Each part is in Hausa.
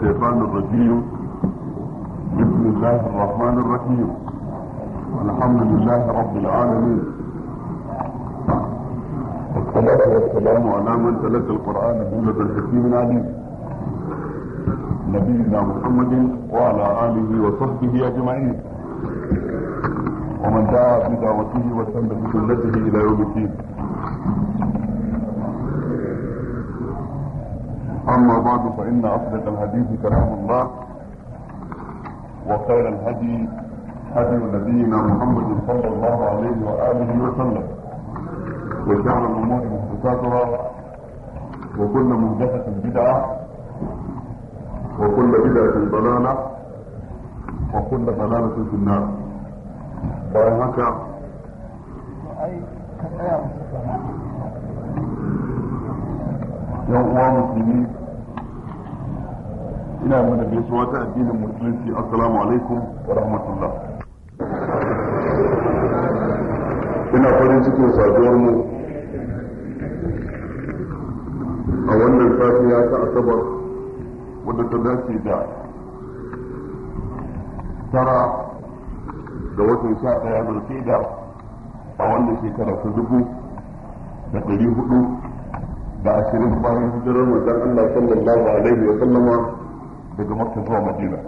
الشيطان الرجيم بسم الله الرحمن الرحيم والحمد لله رب العالمين والصلاة والسلام على من تلقى القرآن جملة الحكيم العليم نبينا محمد وعلى آله وصحبه أجمعين ومن دعا بدعوته وسلم بسنته إلى يوم الدين أما بعد فإن أصدق الحديث كلام الله وخير الهدي هدي نبينا محمد صلى الله عليه وآله وسلم وشعر الأمور محدثاتها وكل مهدفة بدعة وكل بدعة ضلالة وكل ضلالة في النار bayan haka يا uwa musulmi ina mana gaisuwa ta addinin musulunci assalamu alaikum wa rahmatullah ina farin ciki saduwar mu a wannan ya ta asabar wadda ta dace da tara da watan sha daya da a wannan shekara ta dubu da ɗari hudu da ashirin bayan hijirar wajen Allah sallallahu alaihi wa sallama daga makka zuwa madina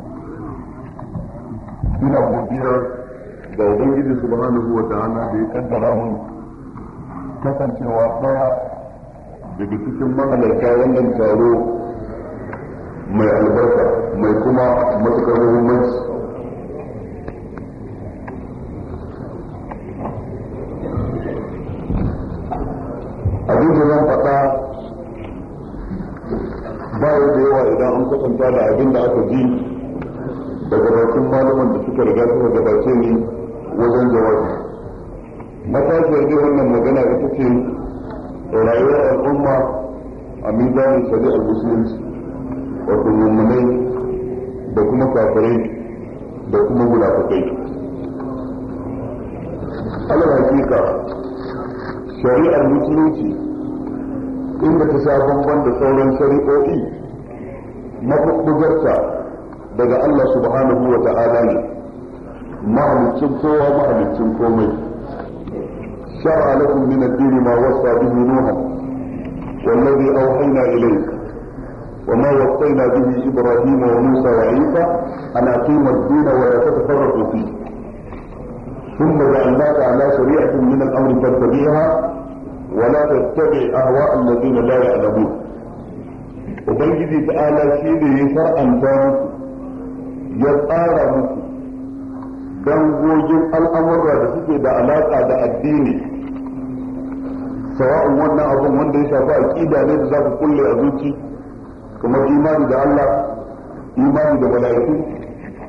ina godiya ga ubangiji subhanahu wa ta'ala da ya kaddara mun kasancewa daya daga cikin mahalarta wannan taro mai albarka mai kuma matukar muhimmanci kwatanta da abin da aka ji daga bakin malaman da suka riga suka gabace ni wajen jawabi matashiyar dai wannan magana ita ce rayuwar al'umma a mizanin shari'ar musulunci wato mummunai da kuma kafirai da kuma munafikai alal hakika shari'ar musulunci inda ta sha bamban da sauran shari'o'i mafukugarta daga Allah subhanahu wa ta'ala ne mahalicin kowa mahalicin komai shar'a lakum min ad ma wasa bihi nuha والذي أوحينا إليك وما وصينا به إبراهيم وموسى وعيسى أن أقيموا الدين ولا تتفرقوا فيه ثم جعلناك على شريعة من الأمر فاتبعها ولا تتبع أهواء الذين لا يعلمون ubangiji ta'ala shi ne ya far'anta musu ya tsara musu dangogin al'amurra da suke da alaƙa da addini sawa'un wannan abun wanda ya shafi aƙida ne da za ku kulle a zuci kamar imani da Allah imani da mala'iku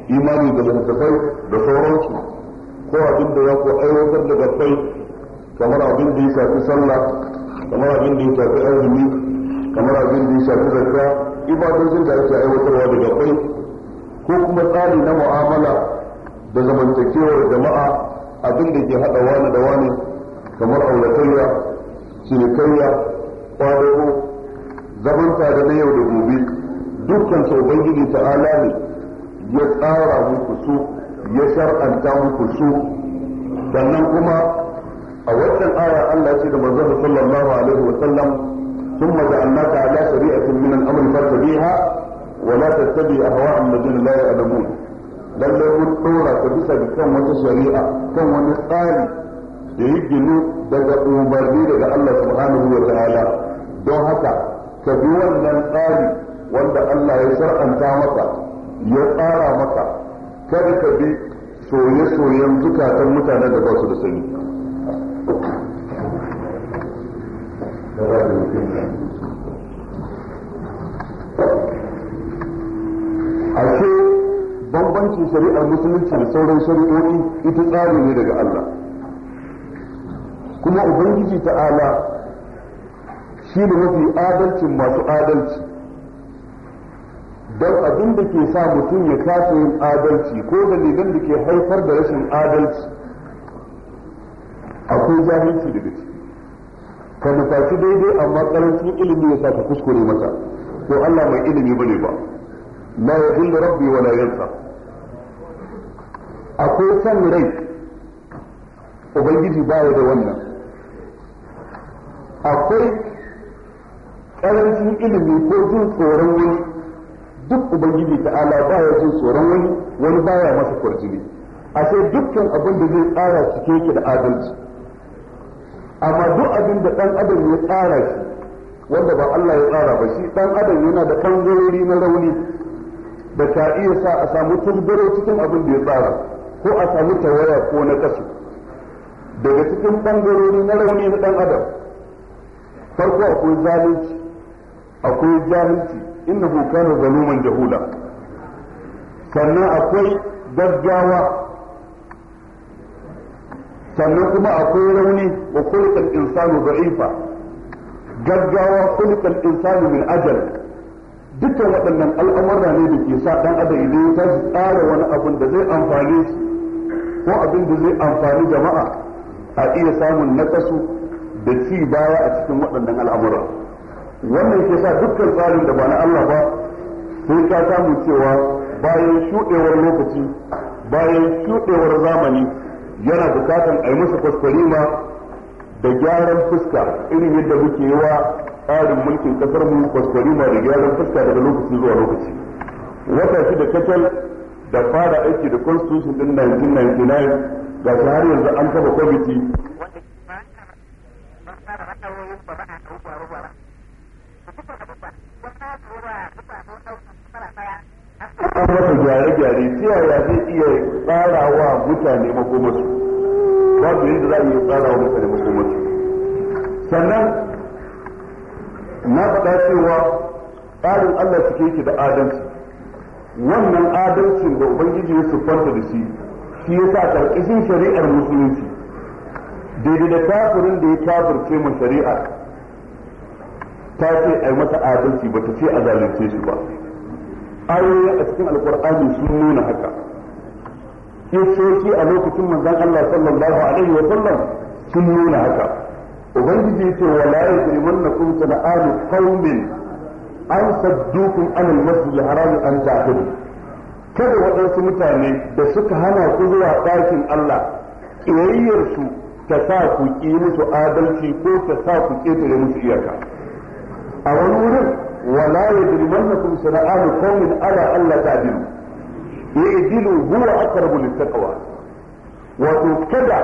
imani da littattafai da sauransu ko abin da ya ku aiwatar da gaffai kamar abin da ya shafi sallah kamar abin da ya shafi azumi kamar abin da ya shafi zakka ibadojin da ake aiwatarwa daga kai ko kuma tsari na mu'amala da zamantakewar jama'a abin da ke haɗa wani da wani kamar auratayya cinikayya ƙwadago zaman tare na yau da gobe dukkan su gini ta'ala ne ya tsara muku su ya shar'anta muku su sannan kuma a wannan aya Allah ce da manzon sallallahu alaihi wa sallam ثم جعلناك على شريعة من الأمر فات بها ولا تتبع أهواء الذين لا يعلمون بل يقول تورا تبسا بكم وانت شريعة كم وانت قال يهيجي نو دقا أمبرلي لك الله سبحانه وتعالى دو هكا كبيوان من قال وانت الله يسرع أنت مكا يقارى مكا كذلك بي سوية سوية مكا تنمتا نجبا سلسلين Gracias. bambancin shari'ar musulunci da sauran shari'o'i ita tsari ne daga Allah kuma ubangiji ta'ala shi ne mafi adalcin masu adalci don abin da ke sa mutum ya kasa yin adalci ko dalilan da ke haifar da rashin adalci akwai jahilci daga ciki ka nufaci daidai amma karancin ilimi ya sa ka kuskure mata ko Allah mai ilimi bane ba la ya rabbi wa la yansa akwai son rai ubangiji baya da wannan akwai ƙarancin ilimi ko jin tsoron wani duk ubangiji ta'ala baya jin tsoron wani wani baya masa kwarjini sai dukkan abin da zai tsara su keke da adalci amma duk abin da ɗan adam ya tsara shi wanda ba Allah ya tsara ba shi ɗan adam yana da ɓangarori na rauni da ka iya sa a samu tasgaro cikin abin da ya tsara ko a samu tawaya ko na kasu daga cikin bangarori na rauni na dan adam farko akwai zalunci akwai jahilci innahu kana zaluman jahula sannan akwai gaggawa sannan kuma akwai rauni wa kulkal insanu da'ifa gaggawa kulkal insanu min ajal dukkan waɗannan al'amura ne da ke sa ɗan adam idan ya tsara wani abun da zai amfane shi ko abin da zai amfani jama'a a iya samun nakasu da ci baya a cikin waɗannan al'amura wannan ke sa dukkan tsarin da ba na Allah ba sai ka samu cewa bayan shuɗewar lokaci bayan shuɗewar zamani yana bukatan a yi masa ma da gyaran fuska irin yadda muke yi wa tsarin mulkin kasar mu ma da gyaran fuska daga lokaci zuwa lokaci wata shi da kacal da fara aiki da constitution din 1999 ga har yanzu an kafa kwamiti gyare-gyare ta zai iya tsara wa mutane babu yadda za a iya tsara wa mutane sannan na faɗa cewa tsarin Allah suke yake da adalci wannan adalcin da ubangiji ya siffanta da shi shi ya sa karkashin shari'ar musulunci daidai da kafirin da ya kafirce mu shari'ar ta ce ai mata adalci ba ta ce a zalunce shi ba ayoyi a cikin alkur'ani sun nuna haka kisoshi a lokacin manzon Allah sallallahu alaihi wa sallam sun nuna haka ubangiji ya ce wala yajrimannakum sana'atu qaumin an saddukum anil masjidil harami an ta'budu kada waɗansu mutane da suka hana ku zuwa ɗakin Allah ƙiyayyarsu ta sa ku ƙi musu adalci ko ta sa ku ƙetare musu iyaka a wani wurin wala yajrimannakum sana'anu qaumin ala Allah ya idilu huwa aqrabu littaqwa wato kada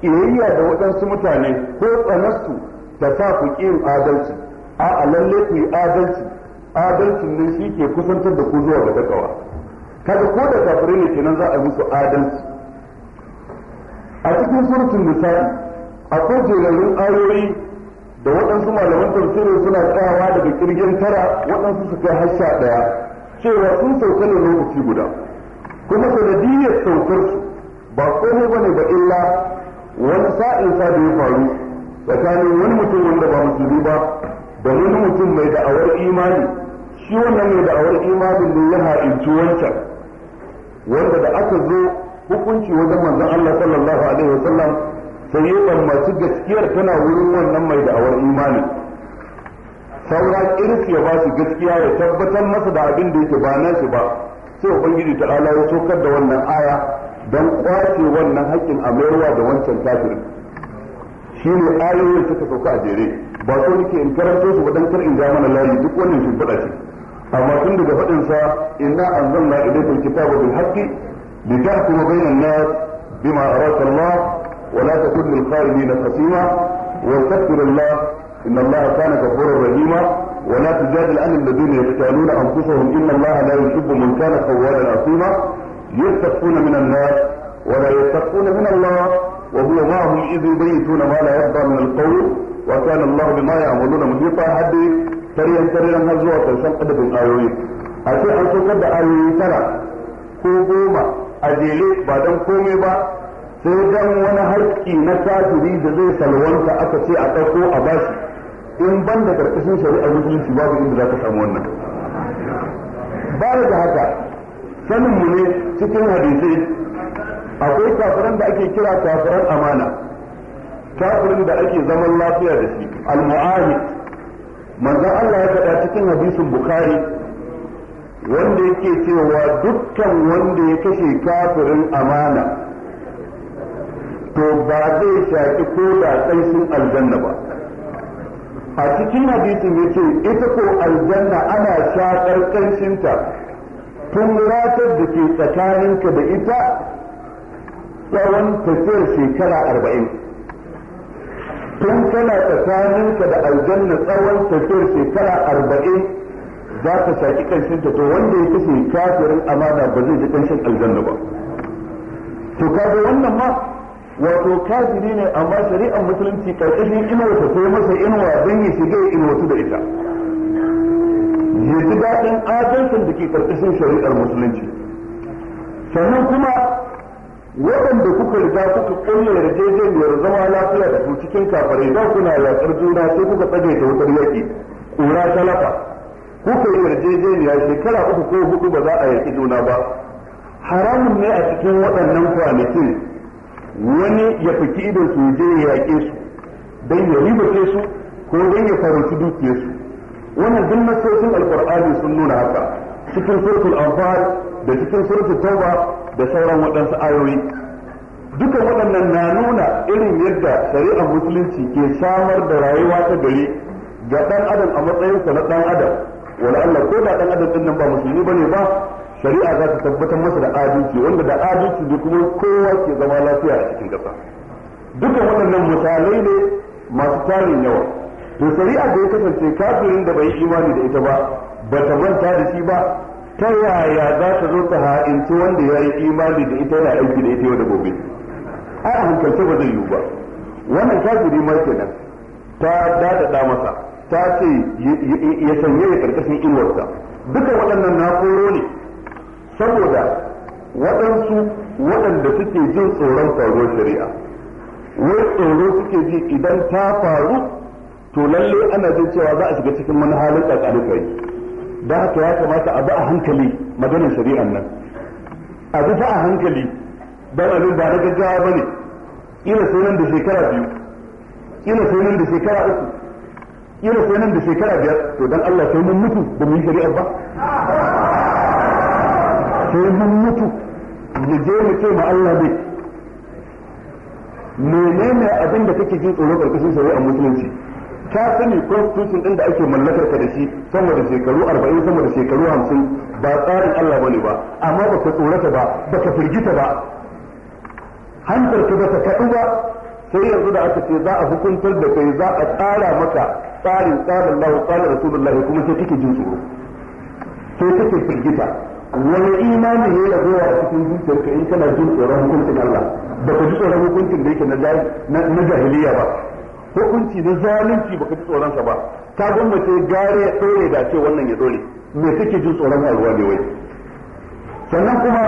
ƙiyayya da waɗansu mutane ko tsanarsu ta sa ku ƙi adalci a'a lallai ku yi adalci adalcin ne shi ke kusantar da ku zuwa ga dakawa kaga ko da kafirai ne kenan za a musu adalci a cikin surutun misali akwai jerarrun ayoyi da waɗansu malaman tafsiri suna tsayawa daga kirgin tara waɗansu su kai hasha ɗaya cewa sun sauka ne lokaci guda kuma sanadiyyar saukar su ba komai ne ba illa wani sa'in sa da ya faru tsakanin wani mutum wanda ba musulmi ba da wani mutum mai da'awar imani shi wannan ne da awar imanin da ya ha'inci wancan wanda da aka zo hukunci wajen manzon Allah sallallahu alaihi wasallam sai yi masu gaskiyar tana wurin wannan mai da awar imanin saura kirki ya ba su gaskiya ya tabbatar masa da abin da yake ba na shi ba sai ubangiji ta ala ya sokar da wannan aya don kwace wannan haƙƙin amayarwa da wancan kafirin shi ne ayoyin suka sauka a jere ba so nake in karanto su ba dan kar in ja mana layi duk wannan shimfiɗa ce amma tun daga faɗin sa inna anzalna ilayka alkitaba bil haqqi litahkuma bayna an-nas bima araka Allah wa la takun lil khaibina khasima واستغفر الله إن الله كان غفورا رحيما ولا تجادل عن الذين يقتالون أنفسهم إن الله لا يحب من كان خوانا عصيما يستخفون من الناس ولا يستخفون من الله وهو معهم إذ يبيتون ما لا يرضى من القول وكان الله بما يعملون محيطا حديث taryan taryan har zuwa karshen adadin ayoyi a ce an saukar da ayoyi tara ko goma a jere ba don komai ba sai don wani harki na kafiri da zai salwanta aka ce a ɗauko a bashi in ban da karkashin shari'ar musulunci babu inda za ka samu wannan ba da haka sanin mu ne cikin hadisai akwai kafiran da ake kira kafiran amana kafirin da ake zaman lafiya da shi al-mu'ahid manzon Allah ya faɗa cikin hadisin bukhari wanda yake cewa dukkan wanda ya kashe kafirin amana to ba zai shaƙi ko da sun aljanna ba a cikin hadisin ya ce ita ko aljanna ana shaƙar ƙanshinta tun ratar da ke tsakaninka da ita tsawon tafiyar shekara arba'in tun kana tsakaninka da aljanna tsawon tafiyar shekara arba'in za ka shaki ƙarshen ta to wanda ya kashe kafirin amana ba zai ji ƙarshen aljanna ba to kaga wannan ma wato kafiri ne amma shari'ar musulunci ƙarƙashin inuwata sai masa inuwa don ya shiga ya inuwatu da ita ya ji daɗin adalcin da ke ƙarƙashin shari'ar musulunci sannan kuma waɗanda kuka riga kuka kulle yarjejeniyar zama lafiya da su cikin kafare ku kuna yaƙar juna sai kuka tsage ta wutar yaƙi ƙura talafa kuka yi yarjejeniya shekara uku ko hudu ba za a yaƙi juna ba haramun ne a cikin waɗannan kwanakin wani ya fiki idan su je ya yaƙe su don ya ribace su ko don ya farauci dukiyarsu wannan duk nasoshin alƙur'ani sun nuna haka cikin surtul anfal da cikin suratul tauba da sauran waɗansu ayoyi dukan waɗannan na nuna irin yadda shari'ar musulunci ke samar da rayuwa ta gari ga ɗan adam a matsayinsa na ɗan adam wala Allah ko da ɗan adam ɗin ba musulmi bane ba shari'a za ta tabbatar masa da adalci wanda da adalci da kuma kowa ke zama lafiya a cikin ƙasa dukan waɗannan misalai ne masu tarin yawa to shari'a da ya kasance kafirin da bai yi imani da ita ba ba ta manta da shi ba ta yaya za ta zo ta ha'inci wanda ya yi imani da ita yana aiki da ita yau da gobe a hankalce ba zai yiwu ba wannan guri ma kenan ta daɗaɗa masa ta ce ya sanye ya karkashin inuwarsa duka waɗannan na koro ne saboda waɗansu waɗanda suke jin tsoron faruwar shari'a wai tsoro suke ji idan ta faru to lalle ana jin cewa za a shiga cikin manhalin halin tsakanin kai da haka ya kamata a bi a hankali maganar shari'an nan a bi a hankali don abin ba na gaggawa ba ne ina sai nan da shekara biyu ina sai nan da shekara uku ina sai nan da shekara biyar to dan Allah sai mun mutu da mu yi shari'ar ba sai mun mutu mu je mu ce ma Allah bai menene abin da kake jin tsoro karkashin shari'ar musulunci ka sani constitution din da ake mallakar ka da shi sama da shekaru 40 sama da shekaru 50 ba tsarin Allah bane ba amma ba baka tsorata ba ka firgita ba hantar ka bata kaɗu ba sai yanzu da aka ce za a hukuntar da kai za a tsara maka tsarin tsarin Allah tsarin Rasulullah kuma sai kike jin tsoro sai kike firgita wani imani ne da zuwa a cikin zuciyarka in kana jin tsoron hukuncin Allah ba ka ji tsoron hukuncin da yake na jahiliya ba hukunci na zalunci baka ji tsoronsa ba ta gwamnati gare ya da ce wannan ya dole me kake jin tsoron faruwa ne wai sannan kuma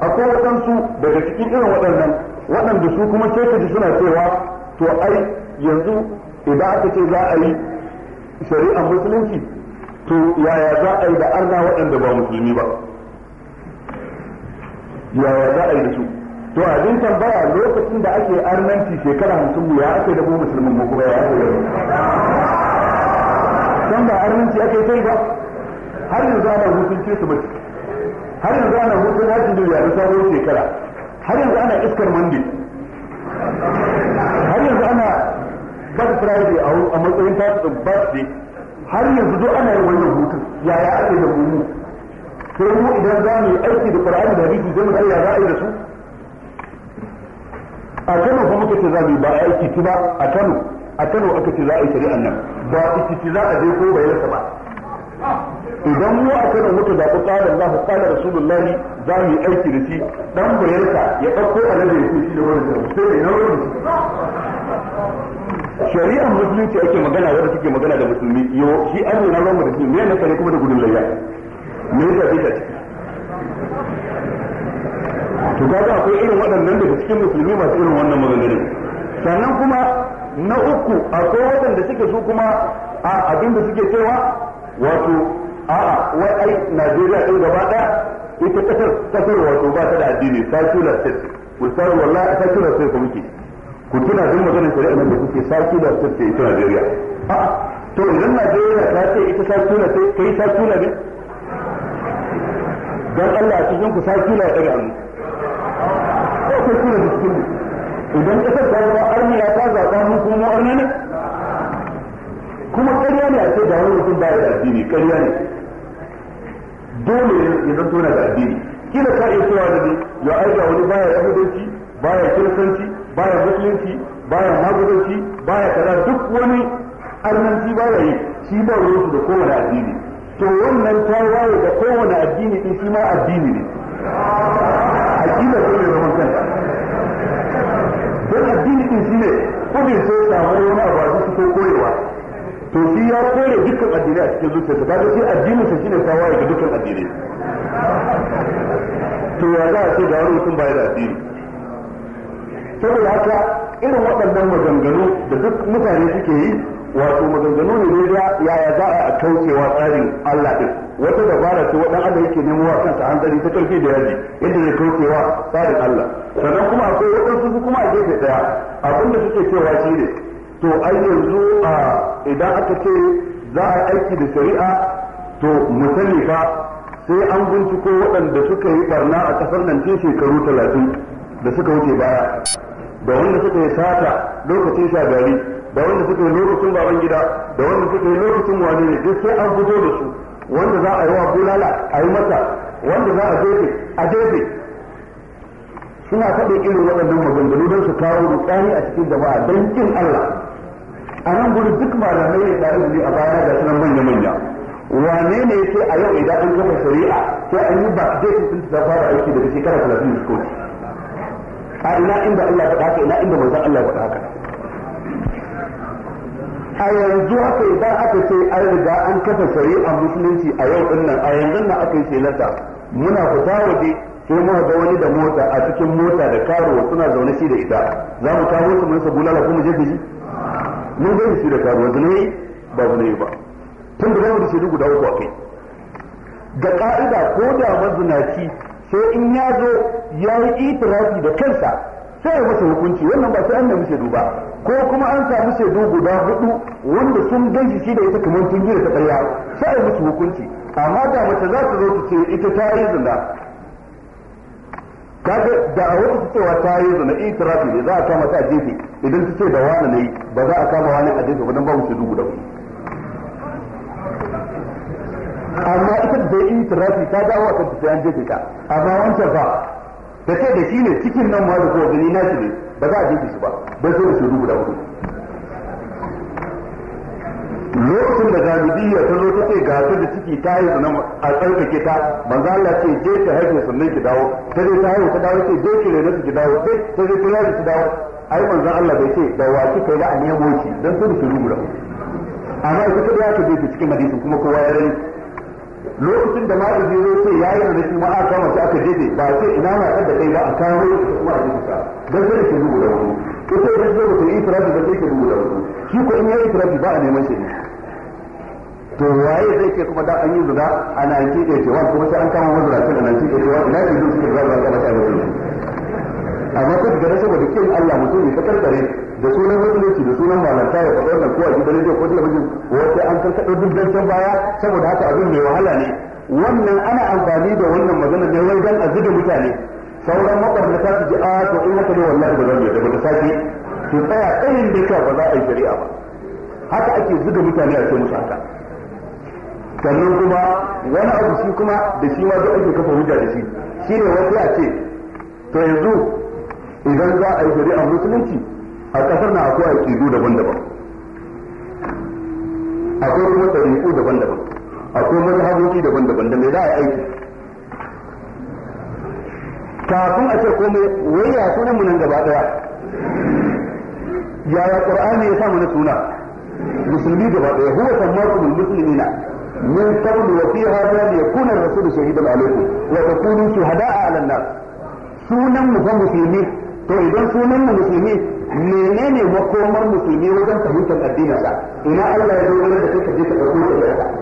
akwai waɗansu daga cikin irin waɗannan waɗanda su kuma sai suna cewa to ai yanzu idan aka ce za a yi shari'ar musulunci to yaya za a yi da arna waɗanda ba musulmi ba yaya za a yi da su to jin tambaya lokacin da ake arnanci shekara hamsin ya ake da musulmin mu kuma ya ake da can ba arnanci ake kai ba har yanzu ana hutun ce su har yanzu ana hutun hajji da yaro sabon shekara har yanzu ana iskar mandi har yanzu ana bad friday a matsayin ba birthday har yanzu duk ana yin wannan hutun yaya ake da mu sai mu idan za mu yi aiki da qur'ani da hadisi sai mu ya za a yi da su a Kano kuma muka ce za mu ba a yi ba a Kano a Kano aka ce za a yi shari'an nan ba ikiti za a je ko bai rasa ba idan mu a Kano muka da qala da qala Rasulullahi za mu yi aiki da shi dan bayarka ya dauko da ya shi da wannan sai da nan shari'ar musulunci ake magana wanda suke magana da musulmi yo shi an nuna mu da shi me ne kare kuma da gudun layya me yasa take to kaga akwai irin waɗannan da cikin musulmi masu irin wannan maganganun sannan kuma na uku akwai waɗanda suke su kuma a abinda suke cewa wato a'a wai Najeriya din gaba da ita kasar kasar wato ba ta da addini secular state sai wallahi secular state muke ku tuna duk maganar shari'a da kuke sakular state ce ita Najeriya a'a to idan Najeriya ta ce ita sakular state kai sakular ne dan Allah a cikin ku secular daga hannu kasar tura da cikin idan kasar ta zama arniya ta zaɓa mu kuma arna ne kuma ƙarya ne a ce da wani mutum baya da addini ƙarya ne dole ya zanto na da addini kila ka iya cewa da ni ya aika wani baya yahudanci baya kiristanci baya musulunci baya magudanci baya kaza duk wani arnanci baya yi shi ba ruwansu da kowane addini to wannan ta waye da kowane addini din shi ma addini ne hakika sai ne zaman kanta Wani addini din shine kudin sai samu wani abu a zuci ko koyewa to shi ya kore dukkan addini a cikin zuciyarsa kaga shi addinin sa shine sawa ga dukkan addini to ya za a ce da wani mutum baya da addini saboda haka irin waɗannan maganganu da duk mutane suke yi wato maganganu ne ne yaya za a kaucewa tsarin Allah din wata dabara ce wadan Allah yake nemo wa kansa hanzari ta karfi da yaji yadda zai kaucewa tsarin Allah sannan kuma akwai su kuma a gefe daya abinda suke cewa shi ne to ai yanzu a idan aka ce za a aiki da shari'a to misali fa sai an binciko waɗanda suka yi barna a kasar nan tun shekaru talatin da suka wuce baya da wanda suka yi sata lokacin shagari da wanda suka yi lokacin baban gida da wanda suka yi lokacin wani ne duk sai an fito da su wanda za a yi wa bulala a yi mata wanda za a jefe a jefe suna faɗin irin waɗannan maganganu don su kawo rukani a cikin jama'a don kin Allah a nan gudu duk malamai ne tare da a baya ga sunan manya-manya wane ne ce a yau idan an kafa shari'a sai an yi ba dai sun ta fara aiki daga shekara 30 da suka a ina inda Allah faɗa haka ina inda manzon Allah faɗa haka a yanzu haka idan aka ce an riga an kafa a musulunci a yau din nan a yanzu nan aka yi shelarta muna fita waje sai muka ga wani da mota a cikin mota da karo suna zaune shi da ita za mu kawo su mun sa bulala kuma mu je da mun ga shi da karuwa ne ba ne ba tun da zamu da shi guda uku akai ga ka'ida ko da mazunaci sai in ya zo ya yi itirafi da kansa sai ya masa hukunci wannan ba sai an nemi shaidu ba ko kuma an samu shaidu guda hudu wanda sun ganshi shi da ita kamar tun yi da ta ƙarya sai a musu hukunci amma da mace za ta zo ta ce ita ta yi zina kaga da a wata cewa ta yi zina itirafi ne za a kama ta a jefe idan ta ce da wani ne ba za a kama wani a jefe ba don ba mu shaidu guda hudu amma ita da itirafi ta dawo a kan ta an jefe ta amma wancan fa ta ce da shi ne cikin nan ma da kowa gani na shi ne ba za a jiki su ba don sai da shi da hudu lokacin da galibiyya ta zo ta ce ga ta da ciki ta yi nan a tsarkake ta manzo Allah ce je ta haihu sannan ki dawo ta zai ta haihu ta dawo ce je ki rena ki dawo sai ta zai kira da su dawo ai manzo Allah bai ce da wasu kai da a nemo ki dan su da da hudu amma ita ta ya ta ta cikin hadisin kuma kowa ya rani lokacin da ma'aji zai ce ya yi rarrafi ma aka kama shi aka jefe ba ce ina ma kan da kai ba a kawo shi kuma a jika dan sai ke rubuta wani ita da zai zo ta yi itirafi da sai ke rubuta wani shi ko in ya itirafi ba a neman shi to waye zai ke kuma da an yi zuga a 1981 kuma sai an kama mazuracin a 1981 ina ne zai suke zuwa ba kama shi a amma ko da saboda kin Allah mutum ne ta karkare da sunan musulunci da sunan malanta ya faɗa wannan ko a gidan rediyo ko talabijin Wata an san kaɗo duk can baya saboda haka abin mai wahala ne wannan ana amfani da wannan magana ne wai dan a azuga mutane sauran mabarnata su ji a to in haka ne wallahi ba zan yi da ba ta sake to tsaya tsayin da ka ba za a yi shari'a ba haka ake zuga mutane a ce musu haka sannan kuma wani abu shi kuma da shi ma duk ake kafa hujja da shi ne wasu ya ce to yanzu idan za a yi shari'a musulunci a kasar na akwai aƙidu daban-daban akwai kuma ɗariƙu daban-daban akwai mazhabobi daban-daban da me za a yi aiki kafin a ce komai wai ya sunan mu nan gaba ɗaya yaya qur'ani ya sa na suna musulmi gaba ɗaya huwa sammakumul muslimina min qabl wa fi hadha liyakuna ar-rasulu shahidan alaykum wa takunu shuhada'a 'ala an-nas sunan mu fa musulmi to idan sunan mu musulmi menene makomar musulmi wajen fahimtar addininsa ina Allah ya dogara da kai da je da dauko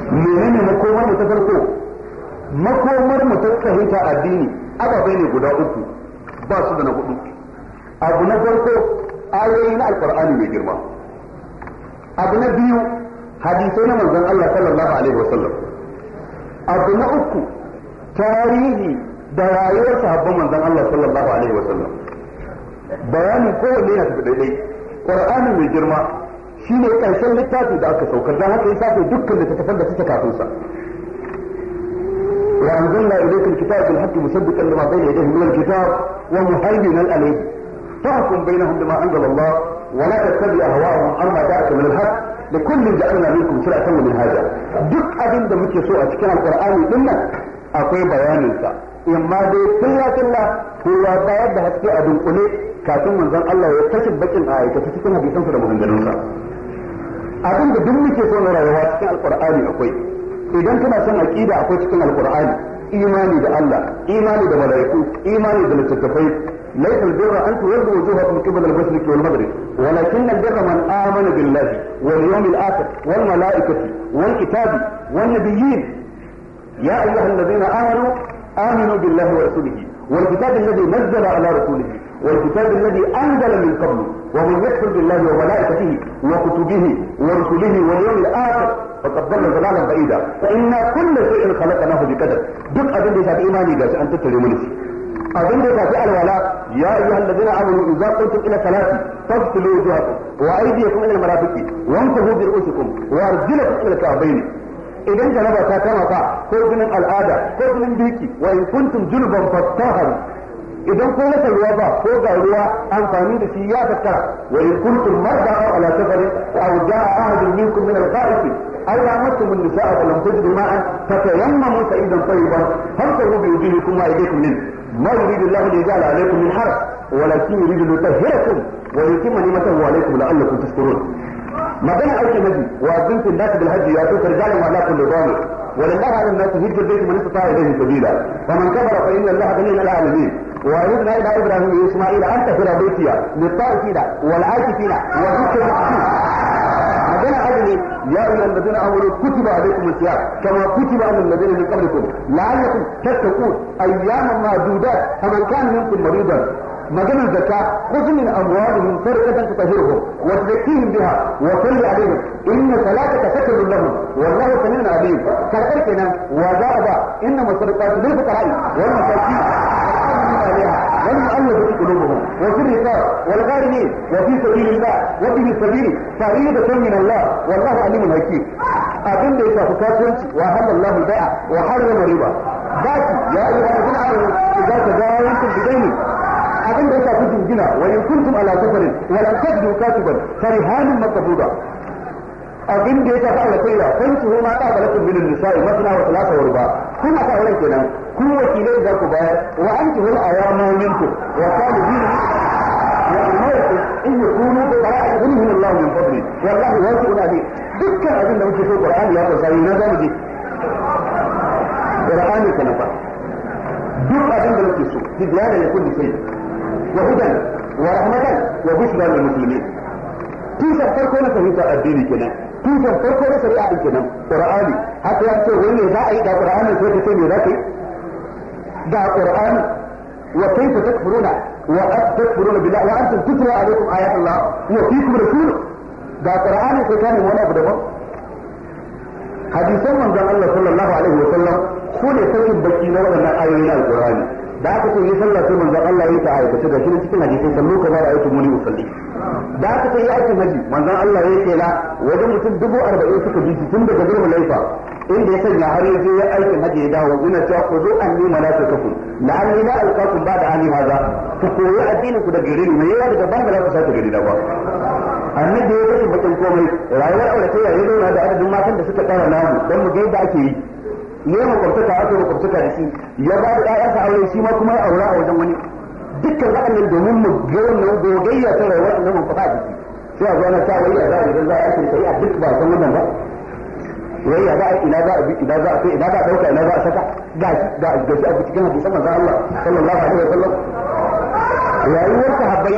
ta menene makomar mu ta farko makomar mu ta fahimta addini ababai ne guda uku ba su da na hudu abu na farko ayoyi na alqur'ani mai girma abu na biyu hadisai na manzon Allah sallallahu alaihi wasallam abu na uku tarihi da rayuwar sahabban manzon Allah sallallahu alaihi wasallam bayanin kowanne yana tafi daidai qur'ani mai girma shine karshen littafi da aka saukar dan haka ya safe dukkan littattafan da suke kafin sa وأنزلنا إليك الكتاب بالحق مصدقا لما بين يديه من الكتاب ومهيمنا عليه فاحكم بينهم بما أنزل الله ولا تتبع أهواءهم عما جاءك من الحق لكل جعلنا منكم شرعة من هذا دك أبن da muke so a cikin alqur'ani din nan akwai bayanin sa imma dai filla filla ko ya bayar da haske a dunkule kafin manzon Allah ya kashe bakin aikata cikin hadisansa da maganganunsa abin da duk muke so na rayuwa cikin alqur'ani akwai idan kana son aqida akwai cikin alqur'ani imani da Allah imani da malaiku imani da littattafai ليس البر أن تولوا وجوهكم قبل المشرق والمغرب ولكن البر من آمن بالله واليوم الآخر والملائكة والكتاب والنبيين يا أيها الذين آمنوا آمنوا بالله ورسوله والكتاب الذي نزل على رسوله والكتاب الذي أنزل من قبل ومن يكفر بالله وملائكته وكتبه ورسله واليوم الآخر فقد ضل ضلالا بعيدا فإنا كل شيء خلقناه بقدر دق أبن دي شاف إيماني قال أن تتري ملسي أبن دي شاف الولاء يا أيها الذين آمنوا إذا قلتم إلى ثلاث فاغسلوا وجوهكم وأيديكم إلى المرافق وانتهوا برؤوسكم وأرجلكم إلى الكعبين idan janaba ta kama ka ko jinin al'ada ko jinin biki wa in kuntum junuban fastaharu idan ko na ruwa ba ko ga ruwa amfani da shi ya tattara wa in kuntum marda aw ala safarin aw jaa ahadun minkum min al-ghaibi aw lamastum an-nisaa fa lam tajidu ma'an fatayammamu sa'idan tayyiban famsahu bi wujuhikum wa aydikum min ma yuridu Allahu li yaj'ala alaykum min haraj walakin yuridu li yutahhirakum wa yutimma ni'matahu alaykum la'allakum tashkurun ما بين أي نبي وقدمت الناس بالهدي يا يأتوك رجال وعلى كل ضامن ولله على الناس هيك البيت من استطاع إليه سبيلا فمن كبر فإن الله غني على العالمين وأردنا إلى إبراهيم واسماعيل أنت في ربيتيا للطائفين والعاكفين وذكر المعصوم يا أيها الذين امنوا كتب عليكم الصيام كما كتب على الذين من قبلكم لعلكم تتقون اياما معدودات فمن كان منكم مريضا دام الزكاة خذ من أموالهم فرقة تطهرهم وتزكيهم بها وصل عليهم إن ثلاثة سكر لهم والله سميع عليم سرقر كنا إن إنما الصدقات للفقراء والمساكين عليها في قلوبهم وفي الرقاب والغارمين وفي سبيل الله وفي السبيل فريضة من الله والله عليم حكيم أظن ليس فكاسونتي وأهل الله البيع وحرم الربا ذاتي يا أيها الذين آمنوا إذا تداينتم بدين abin da ya shafi gina wa in kuntum ala safarin wa la taqdu katiban farihanun maqbuda abin da ya shafi alkhaira kun su ma da balakum min nisa'i masna wa thalatha wa ruba kuna ta aure kenan ku wakilai za ku bayar wa antu hul ayamu minkum wa salihin ya ummatu in yakunu qara'a yughnihim Allah min fadli wallahu wasi'un alim dukkan abin da muke so Qur'ani ya tsaya na zamu je Qur'ani kana fa duk abin da muke so bi bayanin kulli shay'in وهدى ورحمة وبشرى للمسلمين كيف تفكر كون في هذا الدين كنا كيف تفكر كون في شريعه كنا قراني حتى انت وين اذا اي ذا قران سوف تكون ذاتي ذا قران وكيف تكفرون وقد تكفرون بالله وانتم تتلى عليكم ايات الله وفيكم رسول ذا قران في كان مولى ابو دبا حديث من قال الله صلى الله عليه وسلم خلقت سكن بكينا ولا ايات القران da aka ce yi sallah sai manzon Allah ta aikace ga shi cikin hadisi sallu ka ba da aikin muni usalli da aka ce yi aikin haji manzon Allah ya ce la wajen mutum dubu arba'in suka ji tun daga zuwa laifa inda ya sanya har yaje ya aikin haji ya dawo ina cewa ku zo an nima la takafu la'alli la alqakum ba ani hadha ku koyi addinin ku da gari ne ya daga ban da za ku sake gari da ba annabi ya kace bakin komai rayuwar aure ta yayi da adadin matan da suka kara namu don mu ga yadda ake yi ya yi makwabtaka aka yi makwabtaka da shi ya ba da ƴaƴansa aure shi ma kuma ya aura a wajen wani dukkan waɗannan domin mu ga wannan gogayya ta rayuwar na mun faɗa a jiki sai a zo na sa wai a za a idan za a yi a duk ba san wannan ba wai ya za a ina za a bi ina za a kai ina za a ɗauka ina za a saka ga ga ga shi a cikin hadisan manzo Allah sallallahu alaihi wasallam rayuwar sahabbai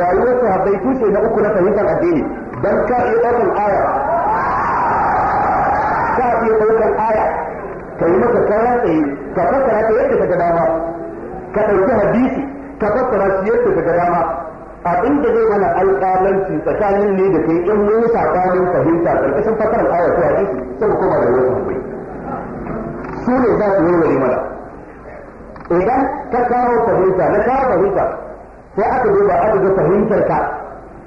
rayuwar sahabbai tushe na uku na fahimtar addini dan ka iya ɗaukar aya ka iya ɗaukar aya ka yi masa kaya tsaye ka fassara ta yadda ka ga dama ka ɗauki hadisi ka fassara shi yadda ka ga dama abin da zai mana alƙalanci tsakanin ne da kai in mun sabanin fahimta ƙarƙashin fassarar aya ta hadisi sai mu koma da wasu su ne za su warware mana idan ka kawo fahimta na kawo fahimta sai aka duba aka ga fahimtar ka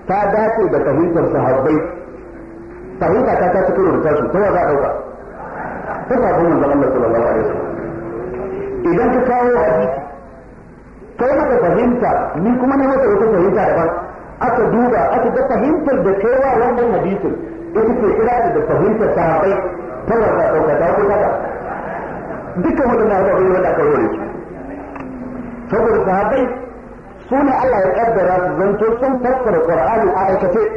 ta dace da fahimtar sahabbai fahimta ta ta cikin rubuta su ta za a ɗauka فتعرفوا من زمان صلى الله عليه وسلم اذا انت تساوي حديث كلمة فهمت منكم انا وقت وقت فهمت ايضا اتو دوبا اتو دو فهمت الدكوة وانت الحديث اتو في اخلاة دو فهمت ساقي فلو اتو كتاو كتاو دكو هو دنا هو غير ودا كوريك فقر ساقي سونا الله يقدر زنتو سن تفكر القرآن الآية كتير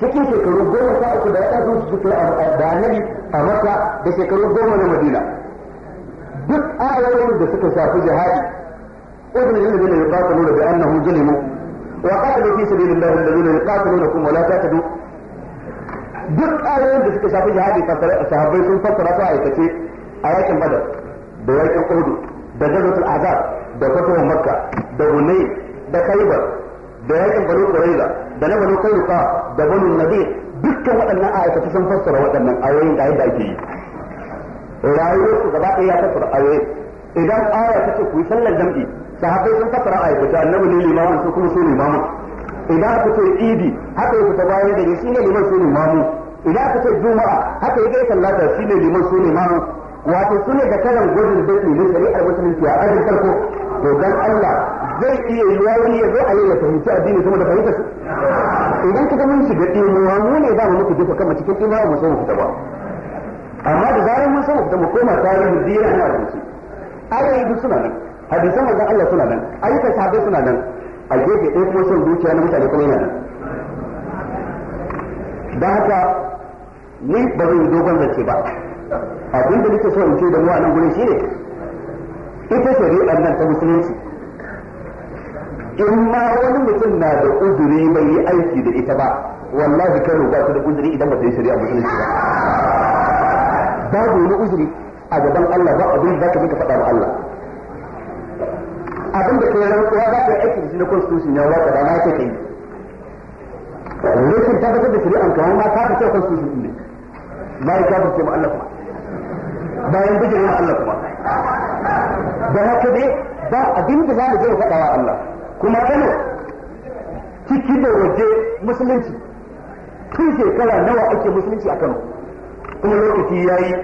فكيف يقولون قولوا فاقوا دائما سكر الدانبي a maka da shekaru goma na madina duk ayoyin da suka shafi jihadi ibn al-ilmi ne ya nuna bi annahu zulimu wa qatalu fi sabilillahi alladhina yuqatilunakum wa la tatadu duk ayoyin da suka shafi jihadi sahabbai sun fassara su aikace a yakin badar da yakin uhud da gazatul azab da fatuwar makka da hunay da khaybar da yakin banu qurayza da na banu kairuka da banu nadir dukkan waɗannan aikata sun fassara waɗannan ayoyin da yadda ake yi rayuwar su gaba ɗaya ya fassara ayoyi idan aya ta ce kuyi sallar jam'i sahabbai sun fassara aikata annabi ne limamin su kuma su limamin idan aka ce idi haka ya fita bayan gari shi ne liman su limamin idan aka ce juma'a haka ya ga sallata shi ne liman su limamin wato su ne da kalan gwajin daɗi ne shari'ar musulunci a ajin farko to dan Allah zai iya yi wani ya zo a yi ya fahimci addini kuma da fahimta su idan ka mun shiga ɗimuwa jefa kanmu cikin ina mu so mu fita ba amma da zarar mun so mu fita mu koma tarihi zira ana rubuce ayoyi duk suna nan hadisan manzon Allah suna nan ayyuka sahabbai suna nan a gefe ɗaya kuma son zuciya na mutane kuma yana nan da haka ni ba zan dogon zance ba Abinda nake so in ce da mu a nan gurin shine ita shari'ar nan ta musulunci in ma wani mutum na da uzuri bai yi aiki da ita ba wallahi kano ba su da uzuri idan ba su yi shari'a musulunci ba babu wani uzuri a gaban Allah ba abin da ka bi ka faɗa wa Allah abin da kai rantsuwa za zaka yi aikin shi na constitution ya waka da na ce kai rashin tabbatar da shari'an kawai ma ta fice constitution ne ma ka kafirce ma Allah kuma bayan bijire ma Allah kuma da haka dai ba abin da za mu je faɗa wa Allah kuma kano ciki da waje musulunci tun shekara nawa ake musulunci a Kano kuma lokaci yi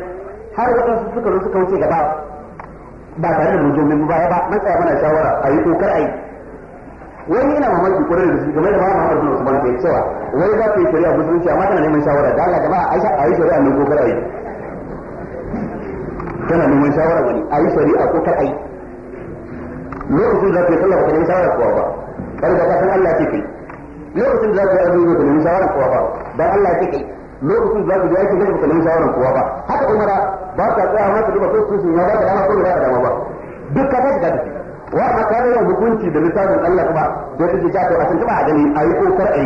har waɗansu suka zo suka wuce gaba ba tare da mujomin baya ba na tsaya mana shawara a yi kokar a yi wani ina mamaki kwarar da su game da mama Muhammad bin Usman bai cewa Wani za ka yi shari'a musulunci amma tana neman shawara da Allah gaba a yi shari'a ne kokar a yi tana neman shawara wani a yi shari'a kokar a yi lokacin da ke sallah ba ta neman shawara kuwa ba kar da ka san Allah ce kai lokacin da za ka yi abin yau da nemi shawarar kowa ba dan Allah ya kai lokacin da za ka yi yaki ba ka nemi shawarar kowa ba haka umara ba ka tsaya masa duba ko sun ya ba ka dama ko ba ka dama ba duk ka tafi ka wa ma ka yi hukunci da littafin Allah kuma da take ja to a san ba a gani ayi kokar yi.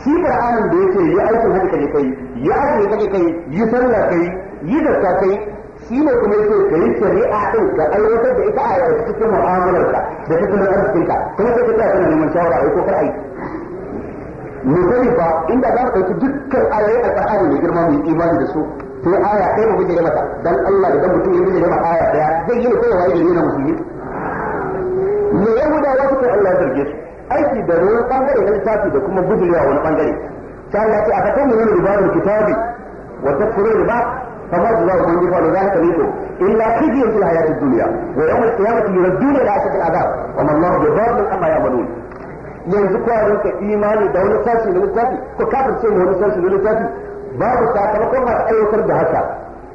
shi Qur'anin da yake yi aikin haka kai yi aikin kake kai yi sallah kai yi zakka kai shi ne kuma yake ka yi shari'a din ka aiwatar da ita a cikin mu'amalarka da cikin arzikinka kuma sai ka tsaya kana neman shawara a ko kar a yi misali fa inda za mu ɗauki dukkan ayoyi a tsakani mai girma mai yi imani da su sai aya ɗaya mu bijire mata dan Allah da dan mutum ya bijire mata aya ɗaya zai yi kowa ya yi na musulmi me yahudawa suke Allah ya zarge su aiki da wani bangare na littafi da kuma bijirewa wani bangare ta Allah ce a fatan mu ne rubabul kitabi wa takfurul ribab فما جزاء من يفعل ذلك منكم إلا خزي في الحياة الدنيا ويوم القيامة يردون إلى أشد العذاب وما الله بظالم أما يعملون yanzu kwanan ka imani da wani sashi na littafi ko kafin ce wani sashi na littafi babu sakamakon masu aiwatar da haka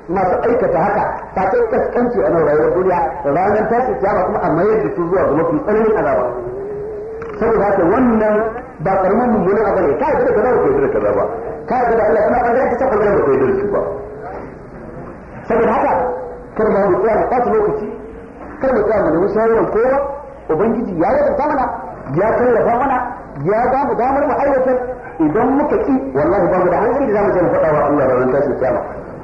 masu aikata haka ta kai kaskanci a nan rayuwar duniya ranar tashi kiyama kuma a mayar da su zuwa ga mafi tsananin azaba saboda haka wannan ba karamin mummunan abu ne ka yi da kaza ba ka yi da kaza ba ka yi da Allah kuma an ga ta ta kallon ba ka yi da su ba saboda haka kar ma mu tsaya mu ɓata lokaci kar mu tsaya mu nemi shawarar kowa ubangiji ya ta mana ya tallafa mana ya ba mu damar mu aiwatar idan muka ki wallahi ba mu da hankali za zamu je mu faɗa wa Allah ranar kiyama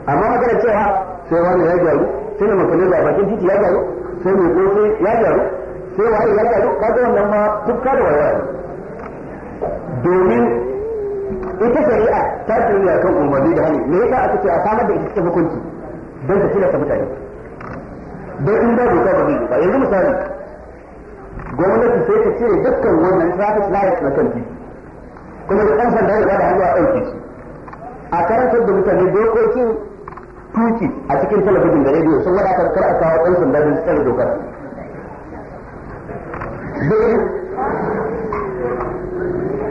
amma magana cewa sai wani ya gyaru sai na mutane da bakin titi ya gyaru sai ne gobe ya gyaru sai wani ya gyaru ka ga wannan ma tufka da wayar domin ita shari'a ta tuni akan umarni da hani me yasa aka ce a samar da ita hukunci don ka tilasta mutane don in ba doka ba zai yi yanzu misali gwamnati sai ta cire dukkan wannan traffic light na kan titi kuma da ɗan sanda ya da hannu a ɗauke su, a karantar da mutane dokokin tuki a cikin talabijin da rediyo sun wadatar kar a kawo ɗan sanda don tsare dokar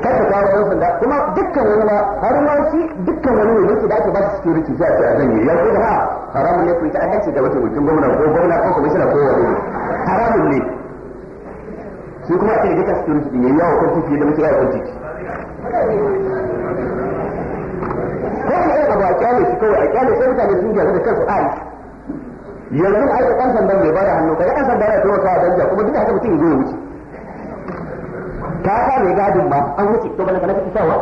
kar ka kawo ɗan sanda kuma dukkan wani ma har ma shi dukkan wani ne da ake ba su security sai a ce a zanyi ya ko da ha haramun ne ku yi ta'addanci ga mataimakin gwamna ko gwamna ko kwamishina ko wani ne haramun ne su kuma a cikin dukkan security din yayi yawa kwanci fiye da muke yawa kwanci ko shi abu a kyale shi kawai a kyale sai mutane sun gyara da kansu ai yanzu ai da kan mai bai bada hannu kai kan sandan ya taimaka wa danja kuma duk haka mutum ya zo ya wuce ta sa mai gadin ma an wuce to bana kana kake sawa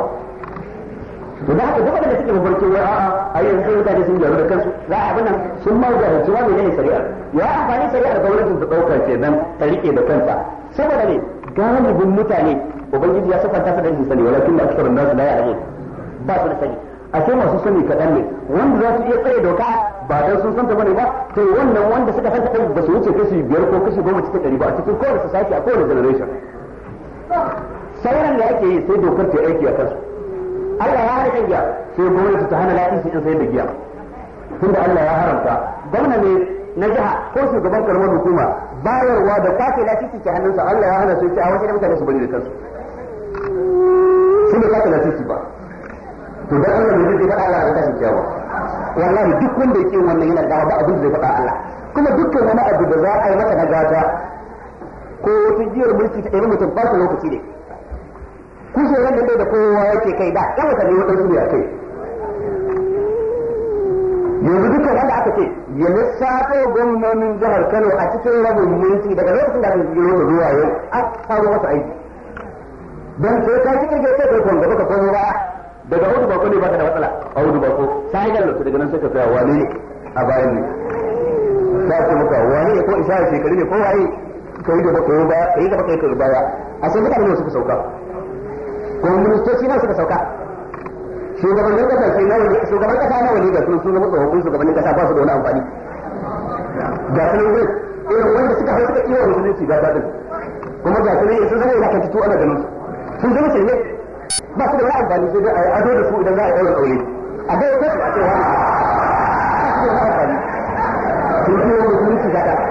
to da haka duka da suke mafarki wai a'a a yanzu mutane sun gyaru da kansu za a abinan sun ma jahilci wa menene shari'a ya amfani shari'ar gwamnatin su ɗauka ke nan ta riƙe da kanta saboda ne galibin mutane ubangiji ya sufanta su da shi sani walakin da aksarun nasu la ya'lamun ba su da sani a ce masu sani kaɗan ne wanda za su iya tsare doka ba dan sun santa bane ba to wannan wanda suka santa kai ba su wuce kashi biyar ko kashi goma cikin ɗari ba a cikin kowace society a kowace generation sauran da ake yi sai dokar ta aiki a kansu Allah ya haɗa kan giya sai gwamnati ta hana la'isin in sai da giya tunda Allah ya haramta gwamna ne na jiha ko shugaban karamar hukuma bayarwa da kwace lasisi ke hannunsa Allah ya hana su ce a wasu da mutane su bari da kansu sun da kwace lasisi ba to dan Allah ne zai faɗa Allah ya tashi kyawa wallahi duk wanda yake wannan yana gawa ba abin da zai faɗa Allah kuma dukkan wani abu da za a yi maka na gata ko wata jiyar mulki ta ɗaya mutum ba su lokaci ne shi shi wanda da kowa yake kai da yan watanni waɗansu ne a kai yanzu duka wanda aka ce ya lissafo gwamnonin jihar kano a cikin rabin minti daga lokacin da aka jiro zuwa yau an kawo masa aiki don sai ka cikin gaisa kai kwan gaba ka komo ba daga hudu bako ne baka da matsala a hudu bako sa ga lantarki daga nan sai ka tsaya wani a bayan ne ta ce maka wani ko isa shekaru ne ko waye ka yi gaba koyo ba ka yi gaba kai ka baya a sai mutane ne suka sauka kuma ministoci nan suka sauka shugabannin kasa ke nawa ne shugaban kasa nawa ne ga kuma su zama tsofaffin shugabannin kasa ba su da wani amfani ga su nan irin wanda suka hau suka iya musulunci ga daɗin kuma ga su nan sun zama wulakantattu ana ganin su sun zama ne. ba su da wani amfani sai dai a ado da su idan za a ɗaura aure. a bai kotu a cewa ba su da wani amfani sun iya musulunci ga daɗin